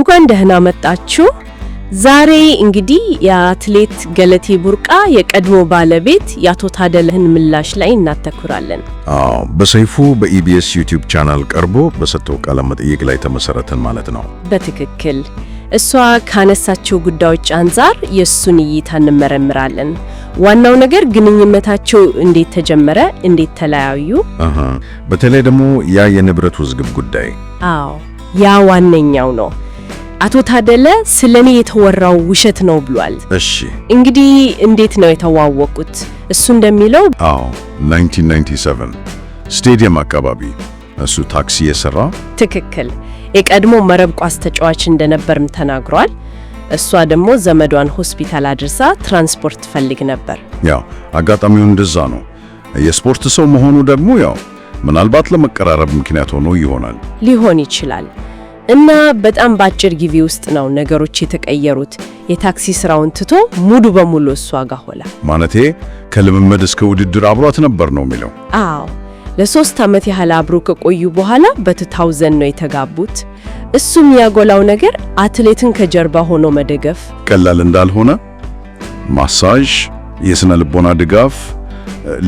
እንኳን ደህና መጣችሁ። ዛሬ እንግዲህ የአትሌት ገለቴ ቡርቃ የቀድሞ ባለቤት የአቶ ታደለህን ምላሽ ላይ እናተኩራለን። አዎ በሰይፉ በኢቢኤስ ዩቲዩብ ቻናል ቀርቦ በሰጠው ቃለ መጠይቅ ላይ ተመሰረተን ማለት ነው። በትክክል እሷ ካነሳቸው ጉዳዮች አንጻር የእሱን እይታ እንመረምራለን። ዋናው ነገር ግንኙነታቸው እንዴት ተጀመረ፣ እንዴት ተለያዩ፣ በተለይ ደግሞ ያ የንብረት ውዝግብ ጉዳይ። አዎ ያ ዋነኛው ነው። አቶ ታደለ ስለ እኔ የተወራው ውሸት ነው ብሏል። እሺ እንግዲህ እንዴት ነው የተዋወቁት? እሱ እንደሚለው አዎ 1997 ስቴዲየም አካባቢ እሱ ታክሲ የሰራ ትክክል፣ የቀድሞ መረብ ኳስ ተጫዋች እንደነበርም ተናግሯል። እሷ ደግሞ ዘመዷን ሆስፒታል አድርሳ ትራንስፖርት ትፈልግ ነበር። ያው አጋጣሚው እንደዛ ነው። የስፖርት ሰው መሆኑ ደግሞ ያው ምናልባት ለመቀራረብ ምክንያት ሆኖ ይሆናል። ሊሆን ይችላል። እና በጣም በአጭር ጊዜ ውስጥ ነው ነገሮች የተቀየሩት። የታክሲ ስራውን ትቶ ሙሉ በሙሉ እሷ ጋር ሆላ ማለቴ ከልምምድ እስከ ውድድር አብሯት ነበር ነው የሚለው። አዎ ለሶስት ዓመት ያህል አብሮ ከቆዩ በኋላ በትታው ዘን ነው የተጋቡት። እሱም ያጎላው ነገር አትሌትን ከጀርባ ሆኖ መደገፍ ቀላል እንዳልሆነ ማሳጅ፣ የስነ ልቦና ድጋፍ፣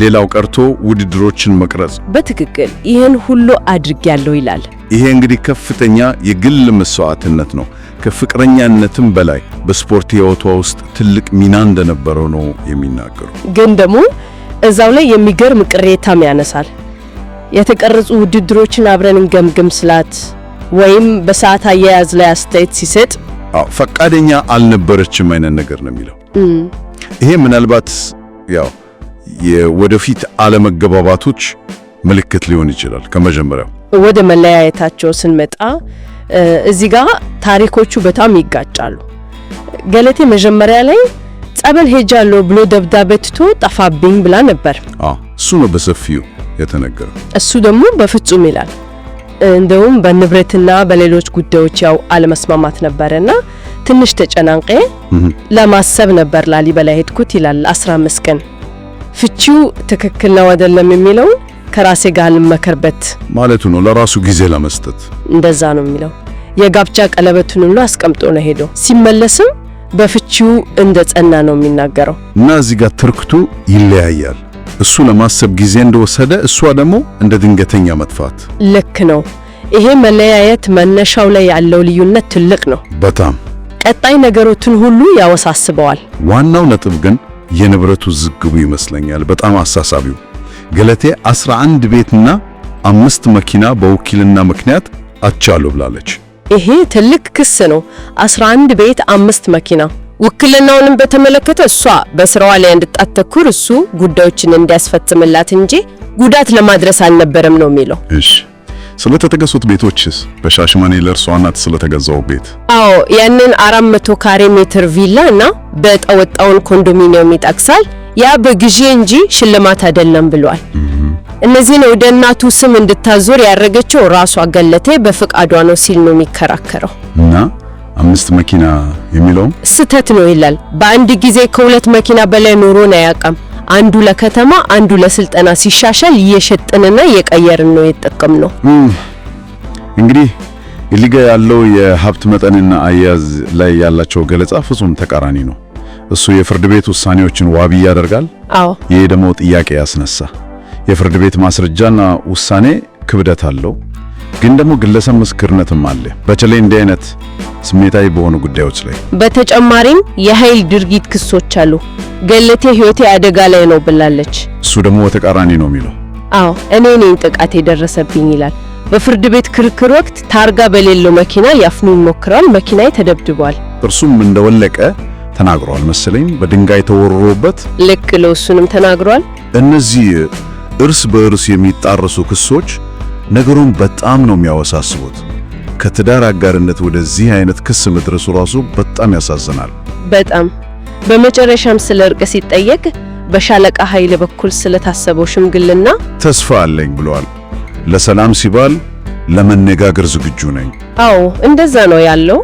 ሌላው ቀርቶ ውድድሮችን መቅረጽ። በትክክል ይህን ሁሉ አድርጌያለሁ ይላል። ይሄ እንግዲህ ከፍተኛ የግል መስዋዕትነት ነው። ከፍቅረኛነትም በላይ በስፖርት ህይወቷ ውስጥ ትልቅ ሚና እንደነበረው ነው የሚናገሩ። ግን ደግሞ እዛው ላይ የሚገርም ቅሬታም ያነሳል። የተቀረጹ ውድድሮችን አብረን እንገምግም ስላት ወይም በሰዓት አያያዝ ላይ አስተያየት ሲሰጥ ፈቃደኛ አልነበረችም አይነት ነገር ነው የሚለው። ይሄ ምናልባት ያው የወደፊት አለመገባባቶች ምልክት ሊሆን ይችላል። ከመጀመሪያው ወደ መለያየታቸው ስንመጣ እዚህ ጋር ታሪኮቹ በጣም ይጋጫሉ። ገለቴ መጀመሪያ ላይ ጸበል ሄጃለሁ ብሎ ደብዳቤ ትቶ ጠፋብኝ ብላ ነበር። እሱ ነው በሰፊው የተነገረ እሱ ደግሞ በፍጹም ይላል። እንደውም በንብረትና በሌሎች ጉዳዮች ያው አለመስማማት ነበረና ትንሽ ተጨናንቄ ለማሰብ ነበር ላሊበላ ሄድኩት ይላል። 15 ቀን ፍቺው ትክክል ነው አይደለም የሚለውን ከራሴ ጋር ልመከርበት ማለቱ ነው። ለራሱ ጊዜ ለመስጠት እንደዛ ነው የሚለው። የጋብቻ ቀለበቱን ሁሉ አስቀምጦ ነው ሄዶ ሲመለስም በፍቺው እንደ ጸና ነው የሚናገረው። እና እዚህ ጋር ትርክቱ ይለያያል። እሱ ለማሰብ ጊዜ እንደወሰደ፣ እሷ ደግሞ እንደ ድንገተኛ መጥፋት። ልክ ነው። ይሄ መለያየት መነሻው ላይ ያለው ልዩነት ትልቅ ነው በጣም ቀጣይ ነገሮችን ሁሉ ያወሳስበዋል። ዋናው ነጥብ ግን የንብረቱ ዝግቡ ይመስለኛል፣ በጣም አሳሳቢው ገለቴ 11 ቤትና አምስት መኪና በውክልና ምክንያት አቻሉ ብላለች። ይሄ ትልቅ ክስ ነው። 11 ቤት፣ አምስት መኪና። ውክልናውንም በተመለከተ እሷ በስራዋ ላይ እንድታተኩር እሱ ጉዳዮችን እንዲያስፈጽምላት እንጂ ጉዳት ለማድረስ አልነበረም ነው የሚለው። እሺ ስለተተገሱት ቤቶችስ? በሻሽመኔ ለእርሷ እናት ስለተገዛው ቤት? አዎ ያንን 400 ካሬ ሜትር ቪላ እና ኮንዶሚኒየም ይጠቅሳል። ያ በግዢ እንጂ ሽልማት አይደለም ብሏል። እነዚህን ወደ እናቱ ስም እንድታዞር ያደረገችው ራሷ ገለቴ በፍቃዷ ነው ሲል ነው የሚከራከረው። እና አምስት መኪና የሚለውም ስህተት ነው ይላል። በአንድ ጊዜ ከሁለት መኪና በላይ ኑሮን አያውቅም። አንዱ ለከተማ አንዱ ለስልጠና ሲሻሻል እየሸጥንና እየቀየርን ነው የጠቀም ነው። እንግዲህ እዚህ ጋ ያለው የሀብት መጠንና አያያዝ ላይ ያላቸው ገለጻ ፍጹም ተቃራኒ ነው። እሱ የፍርድ ቤት ውሳኔዎችን ዋቢ ያደርጋል። አዎ፣ ይሄ ደግሞ ጥያቄ ያስነሳ። የፍርድ ቤት ማስረጃና ውሳኔ ክብደት አለው፣ ግን ደግሞ ግለሰብ ምስክርነትም አለ፣ በተለይ እንዲህ አይነት ስሜታዊ በሆኑ ጉዳዮች ላይ። በተጨማሪም የኃይል ድርጊት ክሶች አሉ። ገለቴ ህይወቴ አደጋ ላይ ነው ብላለች። እሱ ደግሞ በተቃራኒ ነው የሚለው። አዎ፣ እኔ ነኝ ጥቃት የደረሰብኝ ይላል። በፍርድ ቤት ክርክር ወቅት ታርጋ በሌለው መኪና ያፍኑ ይሞክራል መኪናዬ ተደብድቧል። እርሱም እንደወለቀ ተናግሯል መሰለኝ። በድንጋይ ተወርሮበት ልክ ለውሱንም ተናግሯል። እነዚህ እርስ በእርስ የሚጣረሱ ክሶች ነገሩን በጣም ነው የሚያወሳስቡት። ከትዳር አጋርነት ወደዚህ አይነት ክስ መድረሱ ራሱ በጣም ያሳዝናል። በጣም በመጨረሻም ስለ እርቅ ሲጠየቅ በሻለቃ ኃይል በኩል ስለታሰበው ሽምግልና ተስፋ አለኝ ብሏል። ለሰላም ሲባል ለመነጋገር ዝግጁ ነኝ። አዎ እንደዛ ነው ያለው።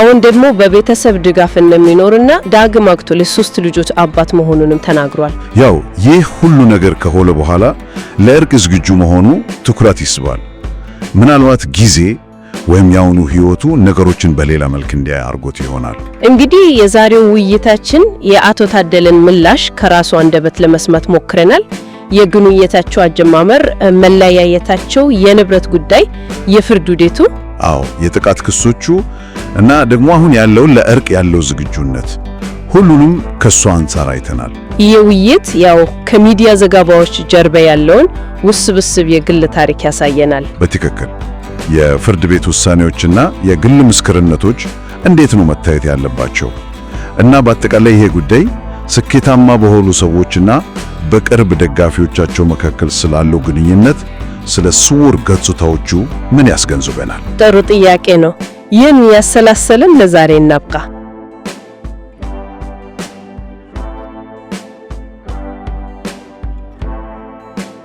አሁን ደግሞ በቤተሰብ ድጋፍ እንደሚኖርና ዳግም አክቶ ለሶስት ልጆች አባት መሆኑንም ተናግሯል። ያው ይህ ሁሉ ነገር ከሆነ በኋላ ለእርቅ ዝግጁ መሆኑ ትኩረት ይስባል። ምናልባት ጊዜ ወይም የአሁኑ ህይወቱ ነገሮችን በሌላ መልክ እንዲያ አድርጎት ይሆናል። እንግዲህ የዛሬው ውይይታችን የአቶ ታደለን ምላሽ ከራሱ አንደበት ለመስማት ሞክረናል። የግንኙነታቸው አጀማመር፣ መለያየታቸው፣ የንብረት ጉዳይ፣ የፍርድ ውዴቱ አዎ የጥቃት ክሶቹ እና ደግሞ አሁን ያለውን ለእርቅ ያለው ዝግጁነት ሁሉንም ከሱ አንጻር አይተናል። ይህ ውይይት ያው ከሚዲያ ዘገባዎች ጀርባ ያለውን ውስብስብ የግል ታሪክ ያሳየናል። በትክክል የፍርድ ቤት ውሳኔዎችና የግል ምስክርነቶች እንዴት ነው መታየት ያለባቸው እና በአጠቃላይ ይሄ ጉዳይ ስኬታማ በሆኑ ሰዎችና በቅርብ ደጋፊዎቻቸው መካከል ስላለው ግንኙነት ስለ ስውር ገጽታዎቹ ምን ያስገንዝበናል? ጥሩ ጥያቄ ነው። ይህን ያሰላሰልን ለዛሬ እናብቃ።